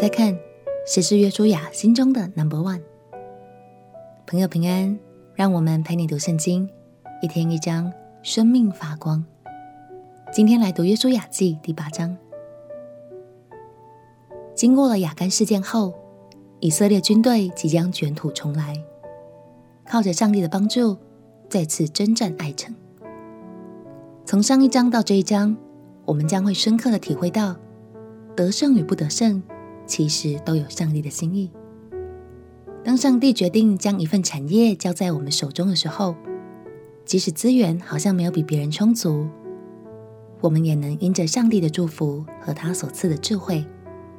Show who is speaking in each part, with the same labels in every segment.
Speaker 1: 再看，誰是約書亞心中的 number one？朋友平安，讓我們陪你讀聖經，一天一章，生命發光。今天來讀約書亞記第八章。經過了雅干事件後，以色列軍隊即將捲土重來，靠着上帝的幫助，再次征戰艾城。從上一章到這一章，我們將會深刻的體會到，得勝與不得勝。其實都有上帝的心意。當上帝決定將一份產業交在我們手中的時候，即使資源好像沒有比別人充足，我們也能因着上帝的祝福和他所賜的智慧，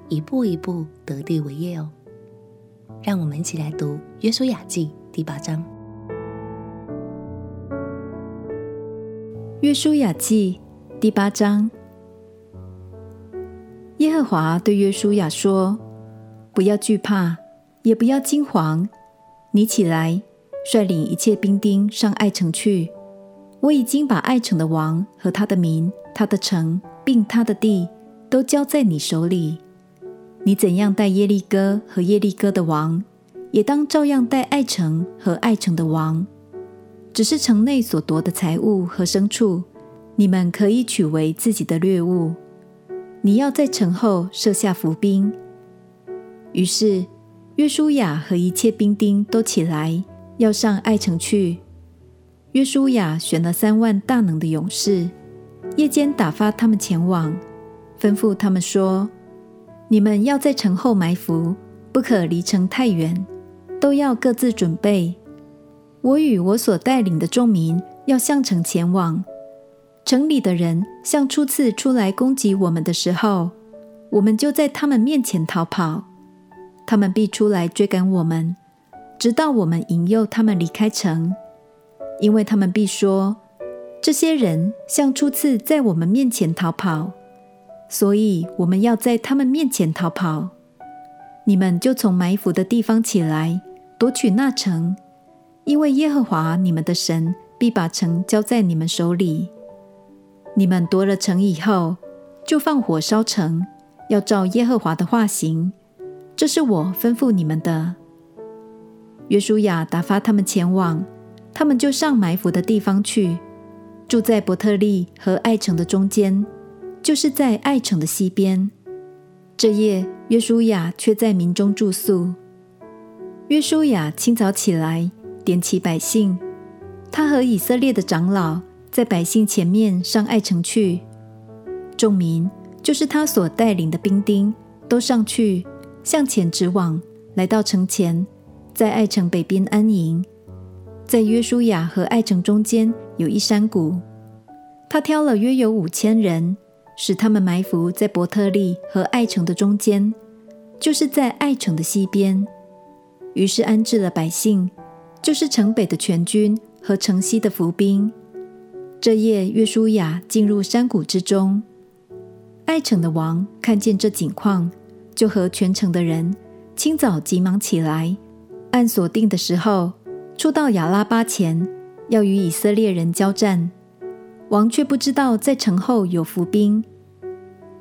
Speaker 1: 一步一步得地為業哦。讓我們一起來讀《約書亞記》第八章。《約書亞記》第八章。
Speaker 2: 耶和華對約書亞說：“不要懼怕，也不要驚惶。你起來，率領一切兵丁上艾城去。我已經把艾城的王和他的民、他的城並他的地都交在你手裡。你怎樣待耶利哥和耶利哥的王，也當照樣待艾城和艾城的王。只是城內所奪的財物和牲畜，你們可以取為自己的掠物。”你要在城後設下伏兵。於是約書亞和一切兵丁都起來，要上艾城去。約書亞選了三萬大能的勇士，夜間打發他們前往，吩咐他們說：“你們要在城後埋伏，不可離城太遠，都要各自準備。我與我所帶領的眾民要向城前往。”城裡的人像初次出來攻擊我們的時候，我們就在他們面前逃跑。他們必出來追趕我們，直到我們引誘他們離開城，因為他們必說：“這些人像初次在我們面前逃跑，所以我們要在他們面前逃跑。”你們就從埋伏的地方起來，奪取那城，因為耶和華你們的神必把城交在你們手裡。你們奪了城以後，就放火燒城，要照耶和華的話行。這是我吩咐你們的。約書亞打發他們前往，他們就上埋伏的地方去，住在伯特利和愛城的中間，就是在愛城的西邊。這夜，約書亞卻在民中住宿。約書亞清早起來，點起百姓，他和以色列的長老在百姓前面上艾城去，眾民就是他所帶領的兵丁都上去向前直往，來到城前，在艾城北邊安營。在約書亞和艾城中間有一山谷，他挑了約有五千人，使他們埋伏在伯特利和艾城的中間，就是在艾城的西邊。於是安置了百姓，就是城北的全軍和城西的伏兵。這夜，約書亞進入山谷之中。艾城的王看見這景況，就和全城的人清早急忙起來，按所定的時候出到亞拉巴前，要與以色列人交戰。王卻不知道在城後有伏兵。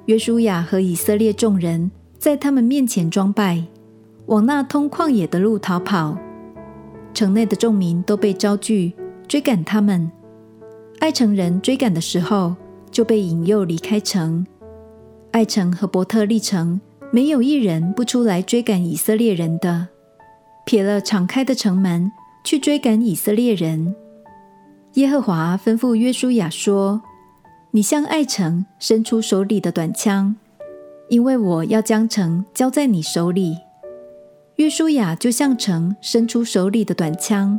Speaker 2: 約書亞和以色列眾人在他們面前裝敗，往那通曠野的路逃跑。城內的眾民都被招聚，追趕他們。艾城人追趕的時候，就被引誘離開城。艾城和伯特利城沒有一人不出來追趕以色列人的，撇了敞開的城門去追趕以色列人。耶和華吩咐約書亞說：“你向艾城伸出手裡的短槍，因為我要將城交在你手裡。”約書亞就向城伸出手裡的短槍，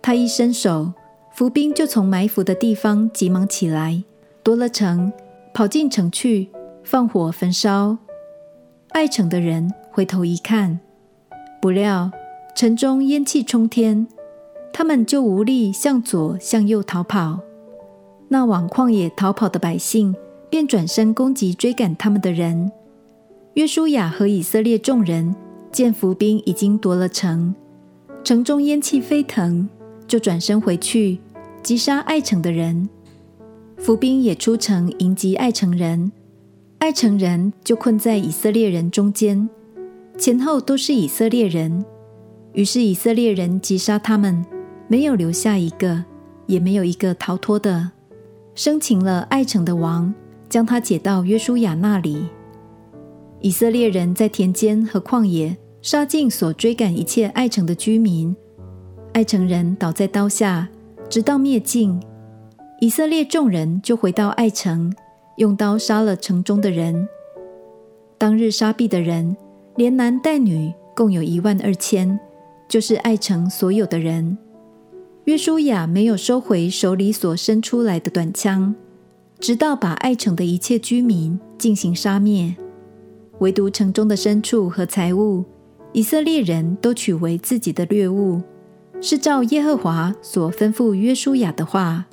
Speaker 2: 他一伸手。伏兵就從埋伏的地方急忙起來，奪了城，跑進城去，放火焚燒。艾城的人回頭一看，不料城中煙氣沖天，他們就無力向左向右逃跑。那往曠野逃跑的百姓便轉身攻擊追趕他們的人。約書亞和以色列眾人見伏兵已經奪了城，城中煙氣飛騰，就轉身回去。擊殺艾城的人，伏兵也出城迎擊艾城人，艾城人就困在以色列人中間，前後都是以色列人。於是以色列人擊殺他們，沒有留下一個，也沒有一個逃脫的。生擒了艾城的王，將他解到約書亞那裡。以色列人在田間和曠野殺盡所追趕一切艾城的居民，艾城人倒在刀下。直到滅盡，以色列眾人就回到艾城，用刀殺了城中的人。當日殺斃的人，連男帶女共有一萬二千，就是艾城所有的人。約書亞沒有收回手裡所伸出來的短槍，直到把艾城的一切居民盡行殺滅，唯獨城中的牲畜和財物，以色列人都取為自己的掠物。是照耶和華所吩咐約書亞的話，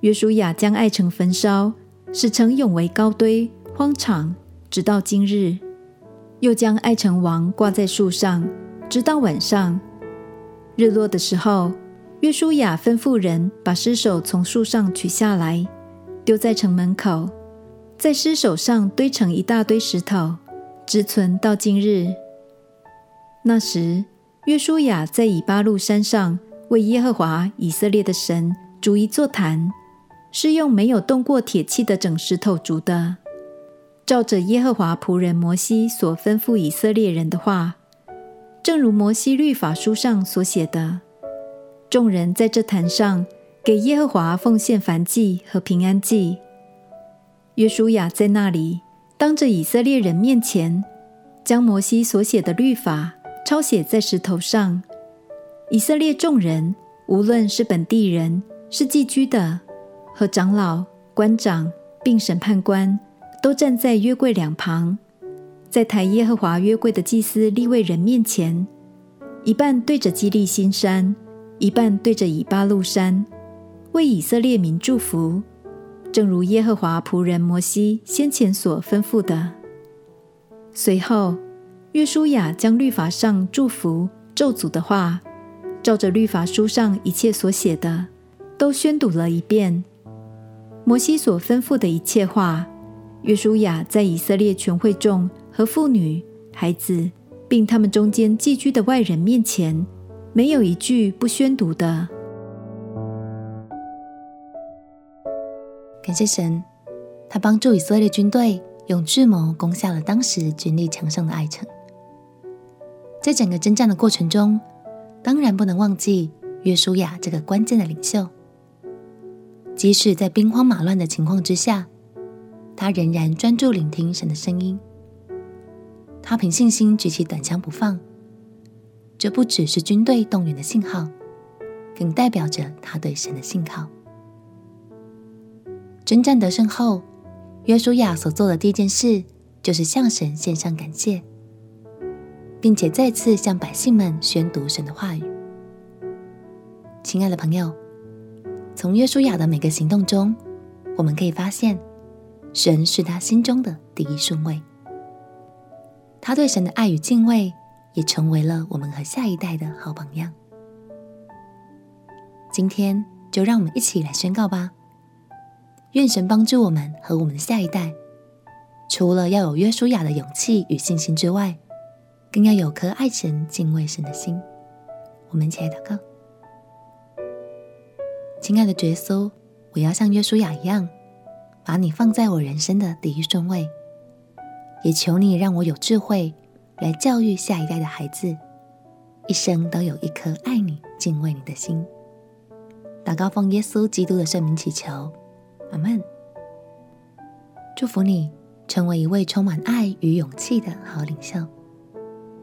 Speaker 2: 約書亞將艾城焚燒，使城永為高堆荒場，直到今日。又將艾城王掛在樹上，直到晚上。日落的時候，約書亞吩咐人把屍首從樹上取下來，丟在城門口，在屍首上堆成一大堆石頭，直存到今日。那時，約書亞在以巴路山上為耶和華以色列的神築一座壇，是用沒有動過鐵器的整石頭築的，照着耶和華僕人摩西所吩咐以色列人的話，正如摩西律法書上所寫的，眾人在這壇上給耶和華奉獻燔祭和平安祭。約書亞在那裡當着以色列人面前，將摩西所寫的律法。抄寫在石頭上。以色列眾人，無論是本地人、是寄居的和長老、官長，並審判官，都站在約櫃兩旁，在抬耶和華約櫃的祭司利未人面前，一半對着基利心山，一半對着以巴路山，為以色列民祝福，正如耶和華僕人摩西先前所吩咐的。隨後。約書亞將律法上祝福咒詛的話，照着律法書上一切所寫的，都宣讀了一遍。摩西所吩咐的一切話，約書亞在以色列全會眾和婦女、孩子，並他們中間寄居的外人面前，沒有一句不宣讀的。感謝神，他幫
Speaker 1: 助以色列軍隊用智謀攻下了當時軍力強盛的艾城。在整個征戰的過程中，當然不能忘記約書亞這個關鍵的領袖。即使在兵荒馬亂的情況之下，他仍然專注聆聽神的聲音。他憑信心舉起短槍不放，這不只是軍隊動員的信號，更代表着他對神的信靠。征戰得勝後，約書亞所做的第一件事就是向神獻上感謝。並且再次向百姓們宣讀神的話語。親愛的朋友，從約書亞的每個行動中，我們可以發現，神是他心中的第一順位。他對神的愛與敬畏，也成為了我們和下一代的好榜樣。今天，就讓我們一起來宣告吧！願神幫助我們和我們的下一代。除了要有約書亞的勇氣與信心之外，更要有顆愛神、敬畏神的心。我們一起來禱告：親愛的耶穌，我要像約書亞一樣，把你放在我人生的第一順位。也求你讓我有智慧來教育下一代的孩子，一生都有一顆愛你、敬畏你的心。禱告奉耶穌基督的聖名祈求，阿門。祝福你成為一位充滿愛與勇氣的好領袖。